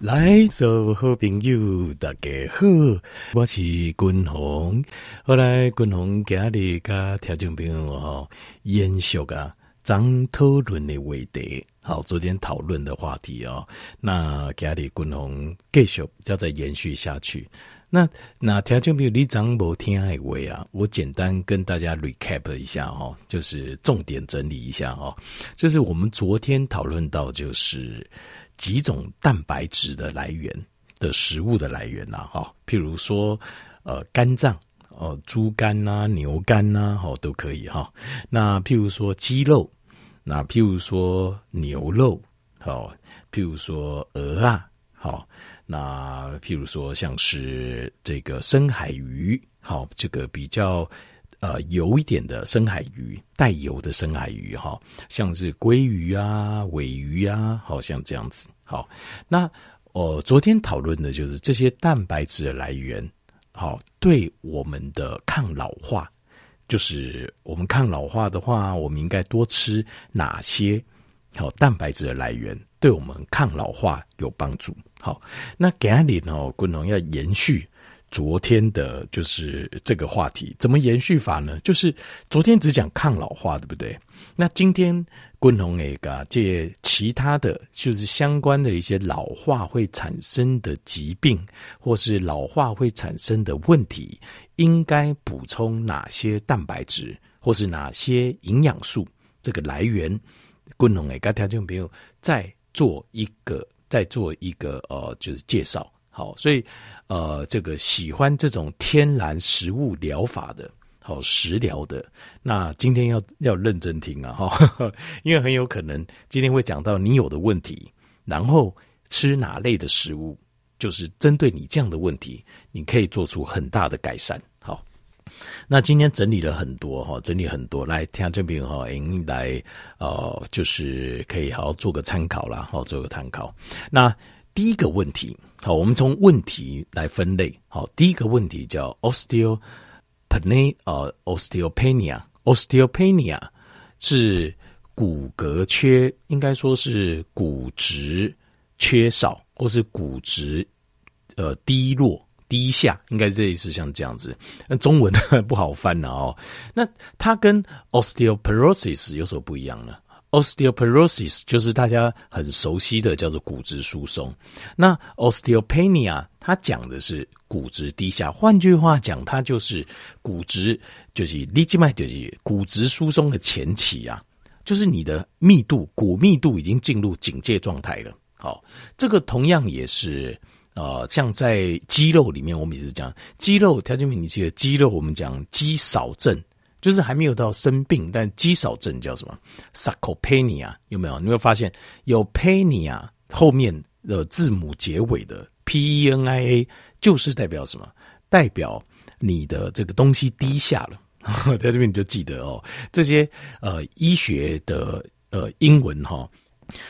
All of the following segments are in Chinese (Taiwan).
來，做好朋友，大家好，我是君宏。後來君宏今日跟聽眾朋友哦，延續啊，張討論的話題，好，昨天討論的話題哦，那今日君宏繼續要再延續下去。那那聽眾朋友，你怎麼沒聽的話啊，我簡單跟大家 recap 一下哦，就是重點整理一下哦，就是我們昨天討論到就是。幾種蛋白質的來源的食物的來源吶，哈，譬如說，呃，肝臟，呃，豬肝吶，牛肝吶，好，都可以哈。那譬如說雞肉，那譬如說牛肉，好，譬如說鵝啊，好，那譬如說像是這個深海魚，好，這個比較。呃，油一點的深海魚，帶油的深海魚哈，像是鮭魚啊、鮪魚啊，好像這樣子。好，那呃，昨天討論的就是這些蛋白質的來源，好，對我們的抗老化，就是我們抗老化的話，我們應該多吃哪些好蛋白質的來源，對我們抗老化有幫助。好，那給阿里呢，可能要延續。昨天的就是這個話題，怎麼延續法呢？就是昨天只講抗老化，對不對？那今天，棍農誒，噶這其他的就是相關的一些老化會產生的疾病，或是老化會產生的問題，應該補充哪些蛋白質，或是哪些營養素？這個來源，棍農誒，聽眾朋友再做一個，再做一個，呃，就是介紹。好，所以，呃，這個喜歡這種天然食物療法的，好食療的，那今天要要認真聽啊，哈，因為很有可能今天會講到你有的問題，然後吃哪類的食物，就是針對你這樣的問題，你可以做出很大的改善。好，那今天整理了很多哈，整理很多來聽這邊哈，來哦，呃，就是可以好好做個參考啦，好做個參考。那。第一個問題，好，我們從問題來分類。好，第一個問題叫 osteopenia，呃，osteopenia，osteopenia 是骨骼缺，應該說是骨質缺少或是骨質呃低落、低下，應該是這意思像這樣子。那中文 不好翻了哦。那它跟 osteoporosis 有什麼不一樣呢？Osteoporosis 就是大家很熟悉的叫做骨質疏鬆，那 osteopenia 它講的是骨質低下，換句話講，它就是骨質就是立即賣就是骨質疏鬆的前期啊，就是你的密度骨密度已經進入警戒狀態了。好，這個同樣也是呃，像在肌肉裡面，我們也是講肌肉調節品，件你這肌肉我們講肌少症。就是還沒有到生病，但肌少症叫什麼？sarcopenia 有沒有？你會發現有 penia 後面的字母結尾的 p-e-n-i-a 就是代表什麼？代表你的這個東西低下了。 在這邊你就記得哦，這些呃醫學的呃英文哈、哦，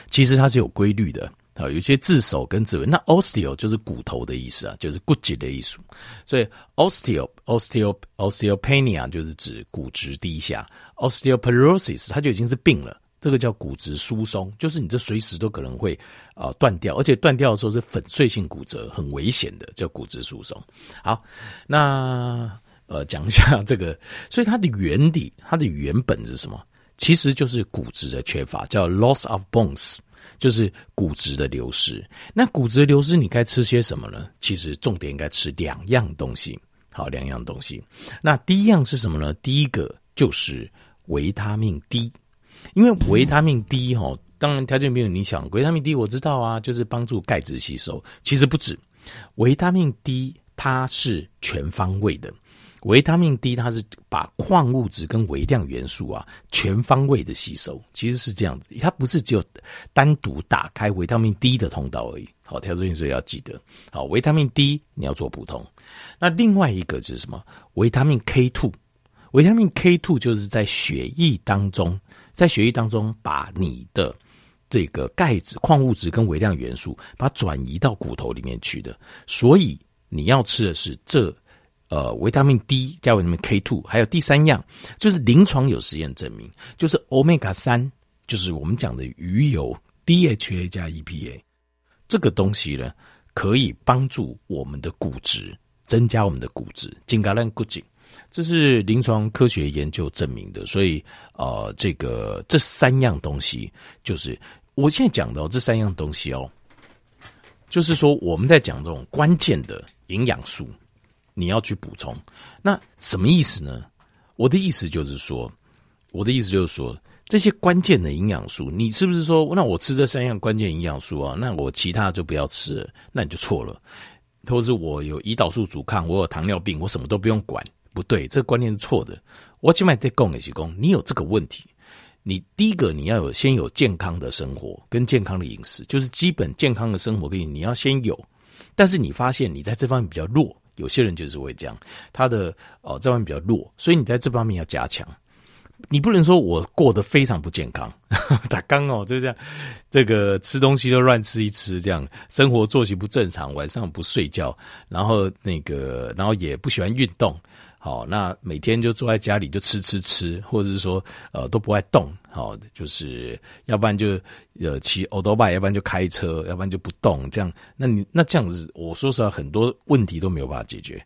其實它是有規律的。好，有些字首跟字尾。那 osteo 就是骨頭的意思啊，就是骨節的意思。所以 osteo osteo osteopenia 就是指骨質低下。osteoporosis 它就已經是病了，這個叫骨質疏鬆，就是你這隨時都可能會啊、呃、斷掉，而且斷掉的時候是粉碎性骨折，很危險的，叫骨質疏鬆。好，那呃講一下這個，所以它的原理，它的原本是什麼？其實就是骨質的缺乏，叫 loss of bones。就是骨質的流失，那骨質流失你該吃些什麼呢？其實重點應該吃兩樣東西，好，兩樣東西。那第一樣是什麼呢？第一個就是維他命 D，因為維他命 D 哈，當然條件沒有你想，維他命 D 我知道啊，就是幫助鈣質吸收，其實不止，維他命 D 它是全方位的。維他命 D，它是把礦物質跟微量元素啊全方位的吸收，其實是這樣子，它不是只有單獨打開維他命 D 的通道而已。好，跳出去之後要記得，好，維他命 D 你要做補充。那另外一個就是什麼？維他命 K two，維他命 K two 就是在血液當中，在血液當中把你的這個鈣質、礦物質跟微量元素，把它轉移到骨頭裡面去的。所以你要吃的是這。呃，維他命 D 加維他命 K two，還有第三樣，就是臨床有實驗證明，就是歐米伽三，就是我們講的魚油 DHA 加 EPA 這個東西呢，可以幫助我們的骨質，增加我們的骨質，增加蘭骨質，這是臨床科學研究證明的。所以，呃，這個這三樣東西，就是我現在講的、哦、這三樣東西哦，就是說我們在講這種關鍵的營養素。你要去補充，那什麼意思呢？我的意思就是說，我的意思就是說，這些關鍵的營養素，你是不是說，那我吃這三樣關鍵營養素啊？那我其他就不要吃了，那你就錯了。或者是我有胰島素阻抗，我有糖尿病，我什麼都不用管，不對，這個觀念是錯的。我現在在說的是說，你有這個問題，你第一個你要有，先有健康的生活跟健康的飲食，就是基本健康的生活跟你你要先有，但是你發現你在這方面比較弱。有些人就是會這樣，他的哦這方面比較弱，所以你在這方面要加強。你不能說我過得非常不健康，打剛哦就這樣，這個吃東西都亂吃一吃，這樣生活作息不正常，晚上不睡覺，然後那個，然後也不喜歡運動。好，那每天就坐在家裡就吃吃吃，或者是說，呃，都不愛動。好，就是要不然就呃騎歐多巴，us, 要不然就開車，要不然就不動。這樣，那你那這樣子，我說實話，很多問題都沒有辦法解決。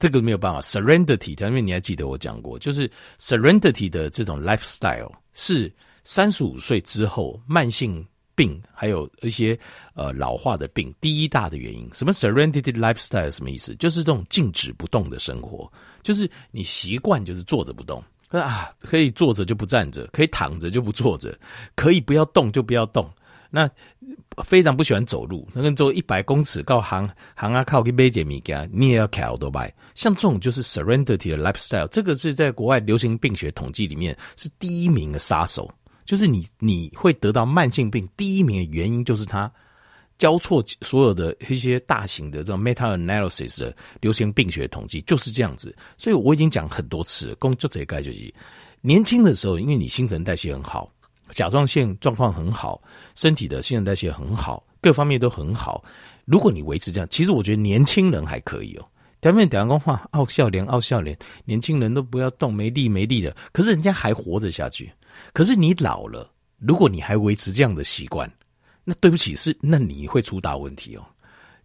這個沒有辦法 sedentary 因為你還記得我講過，就是 sedentary 的這種 lifestyle 是三十五歲之後慢性病還有一些呃老化的病第一大的原因。什麼 sedentary lifestyle 什麼意思？就是這種靜止不動的生活。就是你習慣就是坐着不動，啊，可以坐着就不站着，可以躺着就不坐着，可以不要動就不要動。那非常不喜歡走路，那夠走一百公尺靠行行啊靠，幾百米家你也靠都白。像這種就是 sedentary lifestyle，這個是在國外流行病學統計裡面是第一名的殺手。就是你你會得到慢性病第一名的原因就是他。交錯所有的一些大型的這種 meta analysis 的流行病學統計就是這樣子，所以我已經講很多次了，就這一概就是，年輕的時候，因為你新陳代謝很好，甲狀腺狀況很好，身體的新陳代謝很好，各方面都很好。如果你維持這樣，其實我覺得年輕人還可以哦。表面講光話，傲笑臉傲笑臉，年輕人都不要動，沒力沒力的。可是人家還活着下去。可是你老了，如果你還維持這樣的習慣。那對不起，是那你會出大問題哦，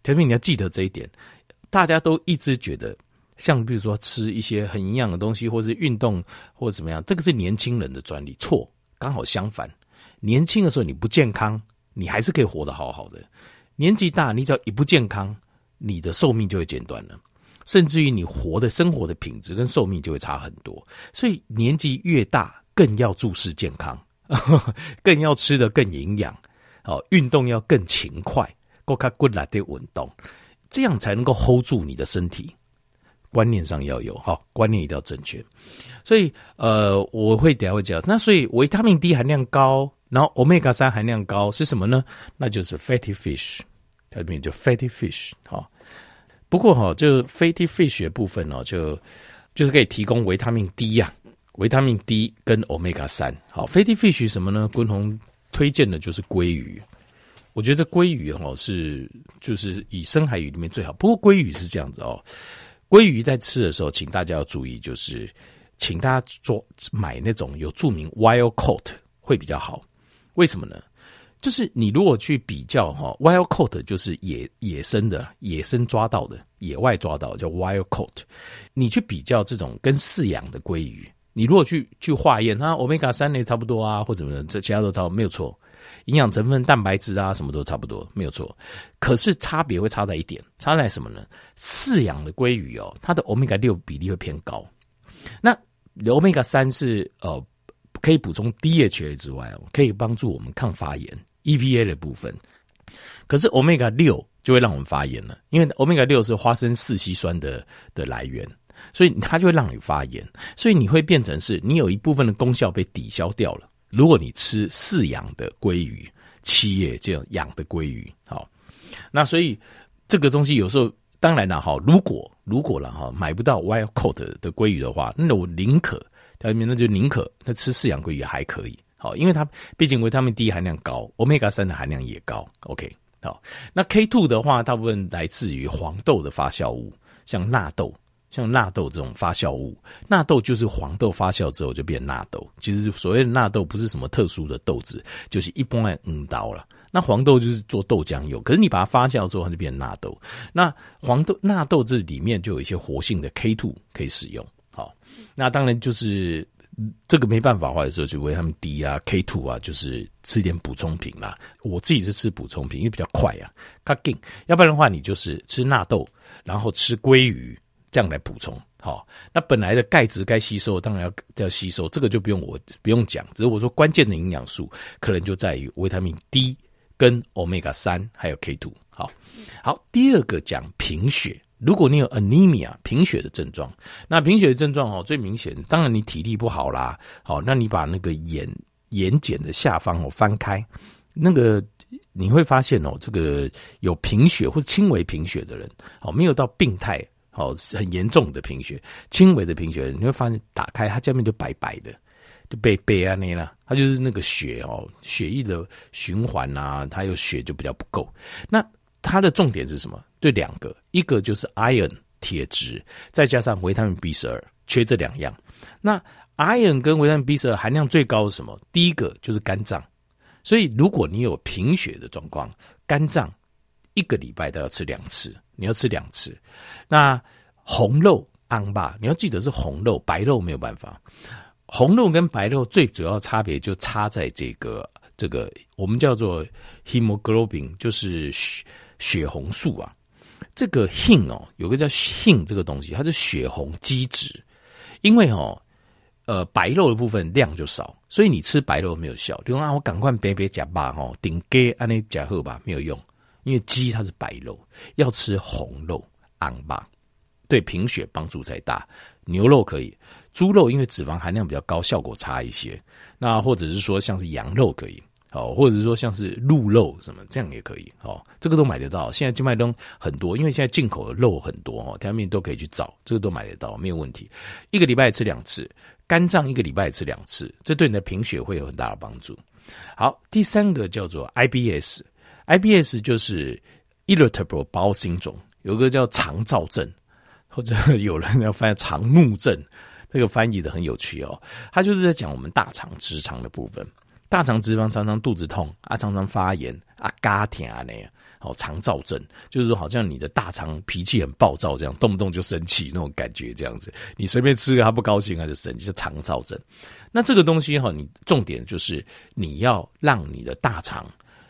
前面你要記得這一點。大家都一直覺得，像比如說吃一些很營養的東西，或是運動，或者怎麼樣，這個是年輕人的專利。錯，剛好相反。年輕的時候你不健康，你還是可以活得好好的。年紀大，你只要一不健康，你的壽命就會減短了，甚至於你活的生活的品質跟壽命就會差很多。所以年紀越大，更要重視健康，更要吃得更營養。好，運、哦、動要更勤快，夠卡骨力的運動，這樣才能夠 hold 住你的身體。觀念上要有，好、哦、觀念一定要正確。所以，呃，我會底下會講。那所以，維他命 D 含量高，然後 omega 三含量高，是什麼呢？那就是 fatty fish，台語就 fatty fish、哦。好，不過哈、哦，就 fatty fish 的部分呢、哦，就就是可以提供維他命 D 呀、啊，維他命 D 跟 o omega 三。好，fatty fish 什麼呢？昆紅。推薦的就是鮭魚，我覺得鮭魚哦，是就是以深海魚裡面最好。不過鮭魚是這樣子哦，鮭魚在吃的時候，請大家要注意，就是請大家做買那種有著名 wild caught 會比較好。為什麼呢？就是你如果去比較哈，喔，wild caught 就是野野生的、野生抓到的、野外抓到的叫 wild caught，你去比較這種跟飼養的鮭魚。你如果去去化驗，它 Omega 三也差不多啊，或怎麼的，這其他都差不多沒有錯，營養成分、蛋白質啊，什麼都差不多沒有錯。可是差別會差在一點，差在什麼呢？飼養的鮭魚哦，它的 Omega 六比例會偏高。那 Omega 三是呃，可以補充 DHA 之外哦，可以幫助我們抗發炎 EPA 的部分。可是 Omega 六就會讓我們發炎了，因為 Omega 六是花生四烯酸的的來源。所以它就會讓你發炎，所以你會變成是你有一部分的功效被抵消掉了。如果你吃飼養的鮭魚，企業這樣養的鮭魚，好，那所以這個東西有時候當然了哈，如果如果了哈，買不到 wild caught 的鮭魚的話，那我寧可，那就寧可那吃飼養鮭魚還可以，好，因為它畢竟維他命 D 含量高，Omega 三的含量也高，OK，好，那 K two 的話，大部分來自於黃豆的發酵物，像納豆。像納豆這種發酵物，納豆就是黃豆發酵之後就變納豆。其實所謂的納豆不是什麼特殊的豆子，就是一般的嗯刀了。那黃豆就是做豆漿油，可是你把它發酵之後，它就變納豆。那黃豆納、嗯、豆這裡面就有一些活性的 K two 可以使用。好，那當然就是這個沒辦法的時候，就維他命 D 啊 K two 啊，就是吃點補充品啦。我自己是吃補充品，因為比較快啊。咔，勁。要不然的話，你就是吃納豆，然後吃鮭魚。這樣來補充好、哦，那本來的鈣質該吸收，當然要要吸收，這個就不用我不用講。只是我說關鍵的營養素可能就在於維他命 D 跟歐米伽三還有 K2、哦。好、嗯，好，第二個講貧血，如果你有 anemia 貧血的症狀，那貧血的症狀哦最明顯，當然你體力不好啦。好、哦，那你把那個眼眼瞼的下方哦翻開，那個你會發現哦，這個有貧血或者輕微貧血的人哦，沒有到病態。哦，是很嚴重的貧血，輕微的貧血，你會發現打開它下面就白白的，就被被啊那了，它就是那個血哦，血液的循環啊，它有血就比較不夠。那它的重點是什麼？對，兩個，一個就是 iron 鐵質，再加上維他命 B 十二，缺這兩樣。那 iron 跟維他命 B 十二含量最高是什麼？第一個就是肝臟，所以如果你有貧血的狀況，肝臟。一個禮拜都要吃兩次，你要吃兩次。那紅肉安吧，你要記得是紅肉，白肉沒有辦法。紅肉跟白肉最主要的差別就差在這個這個我們叫做 hemoglobin，就是血血紅素啊。這個 hem 哦、喔，有個叫 hem 這個東西，它是血紅基質。因為哦、喔，呃，白肉的部分量就少，所以你吃白肉沒有效。你說啊，我趕快別別加吧吼，頂給安尼加後吧，沒有用。因為雞它是白肉，要吃紅肉，昂吧，對貧血幫助才大。牛肉可以，豬肉因為脂肪含量比較高，效果差一些。那或者是說像是羊肉可以，哦，或者是說像是鹿肉什麼這樣也可以，哦，這個都買得到。現在金麥東很多，因為現在進口的肉很多，哦，店面都可以去找，這個都買得到，沒有問題。一個禮拜吃兩次，肝臟一個禮拜吃兩次，這對你的貧血會有很大的幫助。好，第三個叫做 IBS。I B S 就是 irritable bowel syndrome 有個叫腸躁症，或者有人要翻譯腸怒症，這個翻譯的很有趣哦。他就是在講我們大腸直腸的部分，大腸直腸常常肚子痛啊，常常發炎啊嘎，嘎甜啊那樣，好腸躁症就是說好像你的大腸脾氣很暴躁，這樣動不動就生氣那種感覺，這樣子，你隨便吃個他不高興就，還是生氣，叫腸躁症。那這個東西哈、哦，你重點就是你要讓你的大腸。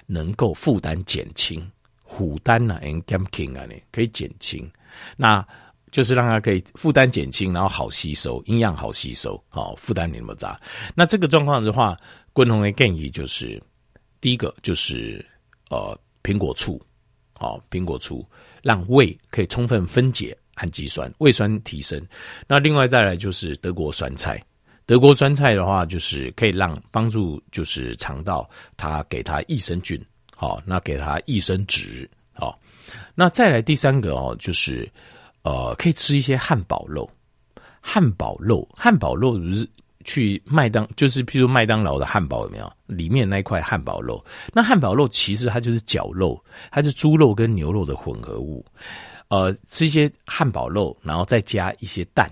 能夠負擔減輕，虎丹吶 engaging 啊，你可以減輕、啊，那就是讓它可以負擔減輕，然後好吸收，營養好吸收，好負擔沒那麼大。那這個狀況的話，郭宏的建議就是，第一個就是呃蘋果醋，好、哦、蘋果醋讓胃可以充分分解氨基酸，胃酸提升。那另外再來就是德國酸菜。德國酸菜的話，就是可以讓幫助，就是腸道，它給它益生菌，好、哦，那給它益生質，好、哦，那再來第三個哦，就是呃，可以吃一些漢堡肉，漢堡肉，漢堡肉，不是，去麥當，就是譬如麥當勞的漢堡有沒有？裡面那塊漢堡肉，那漢堡肉其實它就是絞肉，它是豬肉跟牛肉的混合物，呃，吃一些漢堡肉，然後再加一些蛋，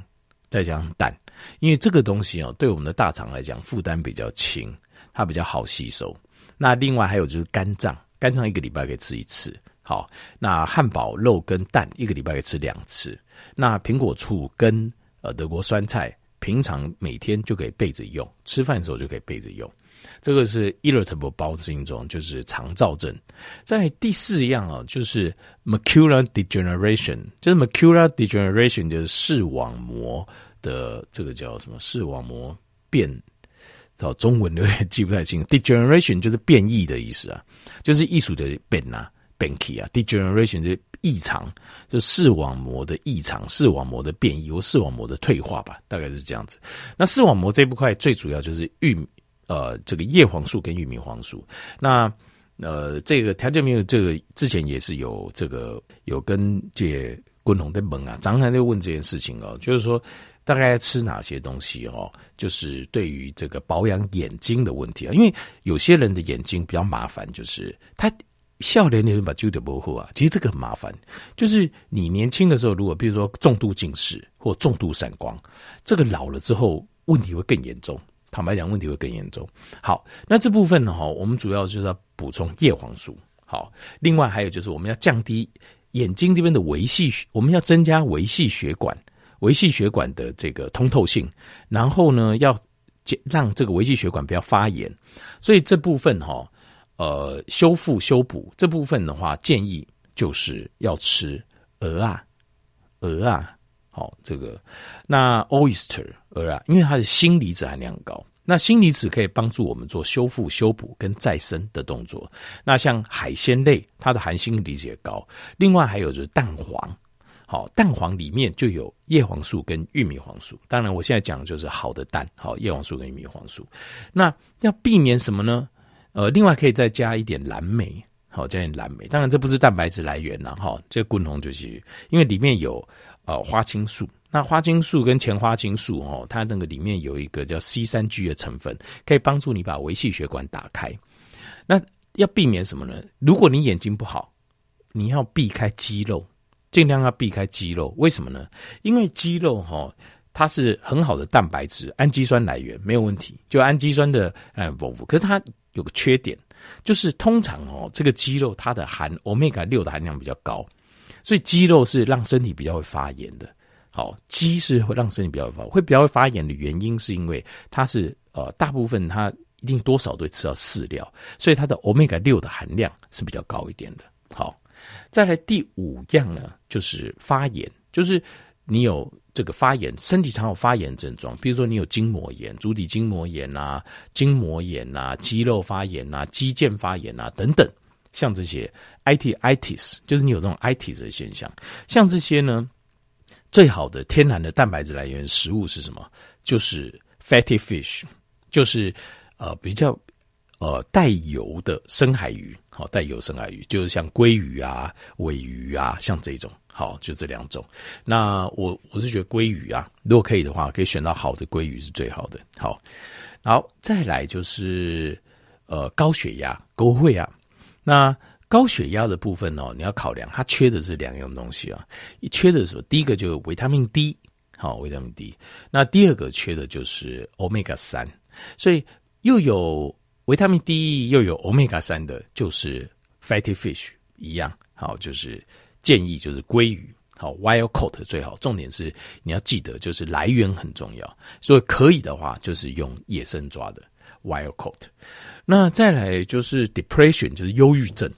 再加上蛋。因為這個東西、喔，對我們的大腸來講負擔比較輕，它比較好吸收。那另外還有就是肝臟，肝臟一個禮拜可以吃一次。好，那漢堡肉跟蛋一個禮拜可以吃兩次。那蘋果醋跟呃德國酸菜，平常每天就可以備着用，吃飯的時候就可以備着用。這個是 irritable bowel syndrome，就是腸燥症。在第四樣啊、喔，就是 macular degeneration，就是 macular degeneration，就是視網膜。的這個叫什麼？視網膜變，中文有點記不太清。Degeneration 就是變異的意思啊，就是藝術的變吶，banky 啊，啊，Degeneration 是異常，就視網膜的異常，視網膜的變異，或視網膜的退化吧，大概是這樣子。那視網膜這一部分最主要就是玉米呃，這個葉黃素跟玉米黃素。那呃，這個條件沒有這個，之前也是有這個有跟這昆同的問啊。常常就問這件事情啊、哦，就是說。大概吃哪些東西哦？就是對於這個保養眼睛的問題啊，因為有些人的眼睛比較麻煩，就是他笑臉那邊把焦點模糊啊，其實這個很麻煩。就是你年輕的時候，如果比如說重度近視或重度散光，這個老了之後問題會更嚴重。坦白講，問題會更嚴重。好，那這部分呢哈，我們主要就是要補充葉黃素。好，另外還有就是我們要降低眼睛這邊的維繫，我們要增加微細血管，維繫血管的這個通透性，然後呢，要讓這個維繫血管不要發炎，所以這部分哈、哦，呃，修復修補這部分的話，建議就是要吃蚵啊，蚵啊，好、哦、這個那 oyster 蚵啊，因為它的鋅離子含量高，那鋅離子可以幫助我們做修復、修補跟再生的動作。那像海鮮類，它的含鋅離子也高，另外還有就是蛋黃。好，蛋黃裡面就有葉黃素跟玉米黃素。當然，我現在講的就是好的蛋，好葉黃素跟玉米黃素。那要避免什麼呢？呃，另外可以再加一點藍莓，好加點藍莓。當然，這不是蛋白質來源了、啊、哈。這共、個、同就是因為裡面有呃花青素，那花青素跟前花青素哦，它那個裡面有一個叫 C 三 G 的成分，可以幫助你把微細血管打開。那要避免什麼呢？如果你眼睛不好，你要避開肌肉。儘量要避開雞肉，為什麼呢？因為雞肉哈、哦，它是很好的蛋白質、氨基酸來源，沒有問題。就氨基酸的呃豐富，可是它有個缺點，就是通常哦，這個雞肉它的含歐米伽六的含量比較高，所以雞肉是讓身體比較會發炎的。好，雞是會讓身體比較會,發會比較會發炎的原因，是因為它是呃大部分它一定多少都會吃到飼料，所以它的歐米伽六的含量是比較高一點的。好。再來第五樣呢、啊，就是發炎，就是你有這個發炎，身體常有發炎症狀，比如說你有筋膜炎、足底筋膜炎吶、啊、筋膜炎吶、啊、肌肉發炎吶、啊、肌腱發炎吶、啊、等等，像這些 IT ITIS，就是你有這種 ITIS 的現象，像這些呢，最好的天然的蛋白質來源食物是什麼？就是 fatty fish，就是呃比較。呃，帶油的深海魚，好、哦，帶油深海魚就是像鮭魚啊、鮪魚啊、鮪魚啊，像這種，好，就這兩種。那我我是覺得鮭魚啊，如果可以的話，可以選到好的鮭魚是最好的。好，然後再來就是呃高血壓，高會啊。那高血壓的部分哦，你要考量它缺的是兩樣東西啊，一缺的是什麼？第一個就是維他命 D，好、哦，維他命 D。那第二個缺的就是 omega 三，所以又有。維他命 D 又有 Omega 三的，就是 fatty fish 一樣，好，就是建議就是鮭魚，好，wild caught 最好。重點是你要記得，就是來源很重要，所以可以的話，就是用野生抓的 wild caught。那再來就是 depression，就是憂鬱症。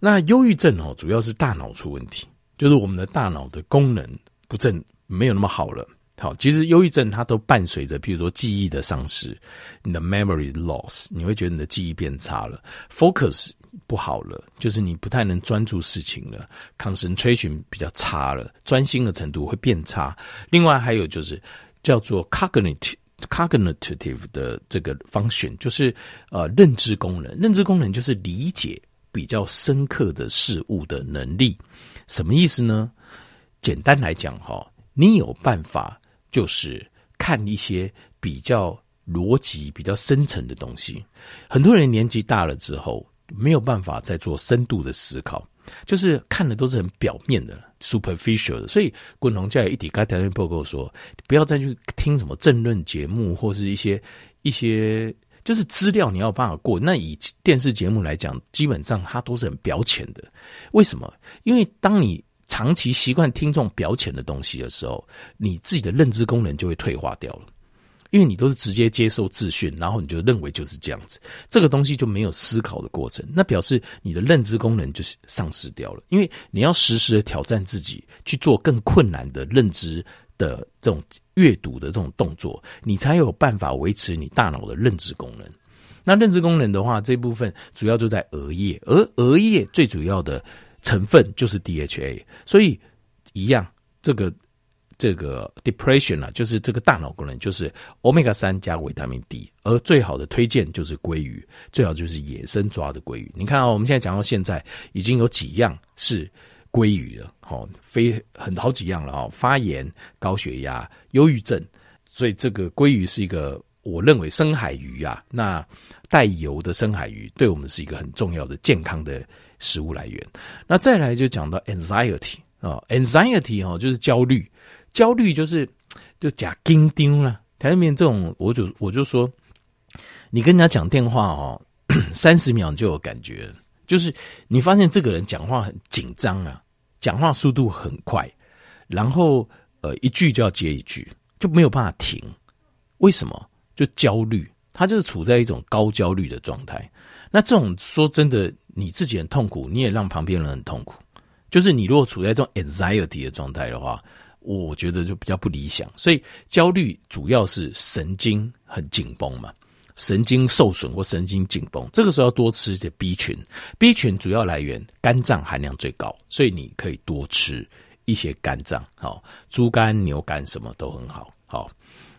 那憂鬱症哦，主要是大腦出問題，就是我們的大腦的功能不正，沒有那麼好了。好，其實憂鬱症它都伴隨着，比如說記憶的喪失，你的 memory loss，你會覺得你的記憶變差了，focus 不好了，就是你不太能專注事情了，concentration 比較差了，專心的程度會變差。另外還有就是叫做 cognitive，cognitive 的這個 function，就是呃認知功能，認知功能就是理解比較深刻的事物的能力。什麼意思呢？簡單來講，齁，你有辦法。就是看一些比較邏輯、比較深層的東西。很多人年紀大了之後，沒有辦法再做深度的思考，就是看的都是很表面的、superficial 的。所以，滾龍教育一提開頭就報告說，不要再去聽什麼政論節目，或是一些一些就是資料，你要有辦法過。那以電視節目來講，基本上它都是很表淺的。為什麼？因為當你長期習慣聽這種表淺的東西的時候，你自己的認知功能就會退化掉了，因為你都是直接接受資訊，然後你就認為就是這樣子，這個東西就沒有思考的過程，那表示你的認知功能就是喪失掉了。因為你要時時的挑戰自己，去做更困難的認知的這種閱讀的這種動作，你才有辦法維持你大腦的認知功能。那認知功能的話，這部分主要就在額葉，而額葉最主要的。成分就是 DHA，所以一樣，這個這個 depression 啊，就是這個大腦功能，就是 omega 三加維他命 D，而最好的推薦就是鮭魚，最好就是野生抓的鮭魚。你看啊、哦，我們現在講到現在，已經有幾樣是鮭魚了，好、哦，非很好幾樣了啊、哦，發炎、高血壓、憂鬱症，所以這個鮭魚是一個我認為深海魚啊，那帶油的深海魚對我們是一個很重要的健康的食物來源，那再來就講到 anxiety 啊、哦，anxiety 哦，就是焦慮，焦慮就是就假叮叮啦。台灣面這種，我就我就說，你跟人家講電話哦，三十秒就有感覺，就是你發現這個人講話很緊張啊，講話速度很快，然後呃一句就要接一句，就沒有辦法停，為什麼？就焦慮。他就是處在一種高焦慮的狀態，那這種說真的，你自己很痛苦，你也讓旁邊人很痛苦。就是你如果處在這種 anxiety 的狀態的話，我覺得就比較不理想。所以焦慮主要是神經很緊繃嘛，神經受損或神經緊繃，這個時候要多吃一些 B 群。B 群主要來源肝臟含量最高，所以你可以多吃一些肝臟，好，豬肝、牛肝什麼都很好，好。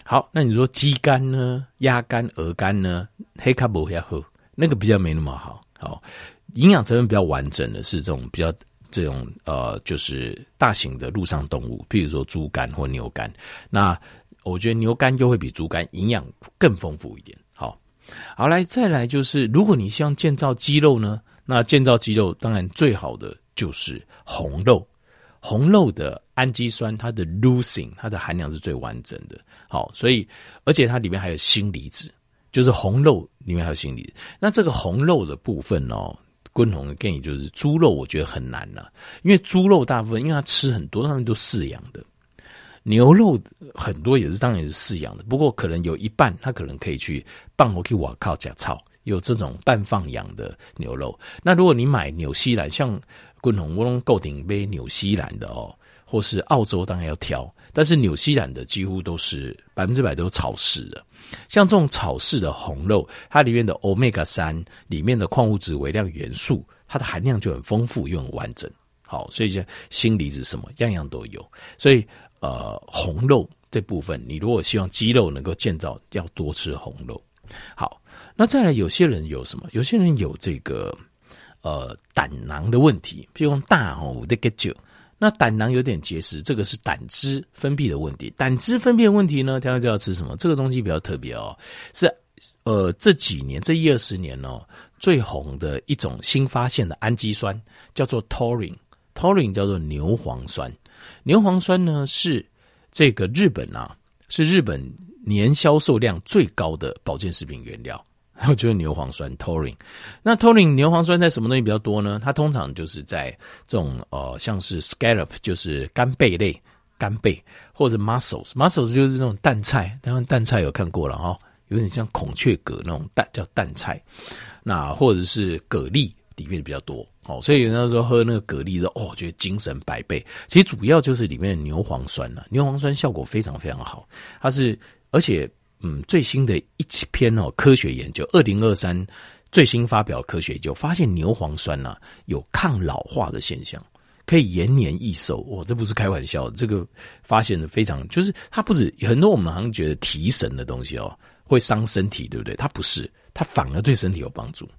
好，那你說雞肝呢？鴨肝、鵝肝呢？黑咖啡爾後那個比較沒那麼好，好，營養成分比較完整的，是這種比較這種呃，就是大型的陸上動物，譬如說豬肝或牛肝。那我覺得牛肝又會比豬肝營養更豐富一點。好，好，來，再來就是，如果你希望建造肌肉呢，那建造肌肉當然最好的就是紅肉。紅肉的氨基酸，它的 leucine 它的含量是最完整的。好，所以而且它裡面還有鋅離子，就是紅肉裡面還有鋅離子。那這個紅肉的部分哦，共同的建議就是豬肉我覺得很難了，啊，因為豬肉大部分因為它吃很多，它們都飼養的。牛肉很多也是當然是飼養的，不過可能有一半，它可能可以去放牧去我靠假草，有這種半放養的牛肉。那如果你買紐西蘭像。滾紅烏龍夠頂杯紐西蘭的哦，或是澳洲當然要挑，但是紐西蘭的幾乎都是百分之百都是草飼的。像這種草飼的紅肉，它裡面的 Omega 三，裡面的礦物質、微量元素，它的含量就很豐富又很完整。好，所以些鋅離子什麼樣樣都有。所以呃，紅肉這部分，你如果希望肌肉能夠建造，要多吃紅肉。好，那再來有些人有什麼？有些人有這個。呃，膽囊的問題，譬如大吼的個酒，哦、那膽囊有點結石，這個是膽汁分泌的問題。膽汁分泌的問題呢，天天就要吃什麼？這個東西比較特別哦，是呃這幾年這一二十年哦，最紅的一種新發現的氨基酸叫做 Taurine，Taurine 叫做牛磺酸。牛磺酸呢是這個日本啊，是日本年銷售量最高的保健食品原料。然後 就是牛磺酸，taurine。那 taurine 牛磺酸在什麼東西比較多呢？它通常就是在這種呃，像是 scallop，就是干貝類，干貝或者 mussels，mussels 就是那種淡菜，當然淡菜有看過了哈、哦，有點像孔雀蛤那種淡叫淡菜。那或者是蛤蜊裡面比較多哦，所以有人說喝那個蛤蜊的哦，覺得精神百倍。其實主要就是裡面的牛磺酸，牛磺酸效果非常非常好，它是而且。嗯，最新的一篇哦，科學研究，二零二三最新發表科學研究，發現牛磺酸啊，有抗老化的現象，可以延年益壽。哦，這不是開玩笑，這個發現的非常，就是它不止很多我們好像覺得提神的東西哦，會傷身體，對不對？它不是，它反而對身體有幫助。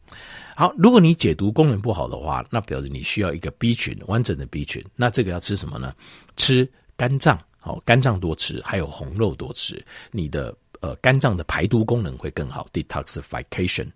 好，如果你解毒功能不好的話，那表示你需要一個 B 群完整的 B 群，那這個要吃什麼呢？吃肝臟，好，哦，肝臟多吃，還有紅肉多吃，你的。呃，肝臟的排毒功能會更好，detoxification。Det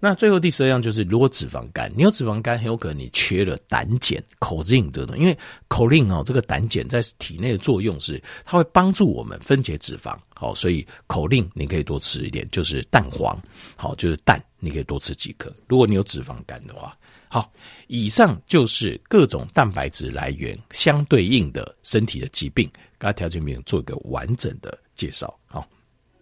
那最後第十二樣就是，如果脂肪肝，你有脂肪肝，很有可能你缺了膽鹼、口令這種，因為口令哦，這個膽鹼在體內的作用是，它會幫助我們分解脂肪。好，所以口令你可以多吃一點，就是蛋黃，好，就是蛋，你可以多吃幾顆。如果你有脂肪肝的話，好，以上就是各種蛋白質來源相對應的身體的疾病，剛才條件沒有做一個完整的介紹，好。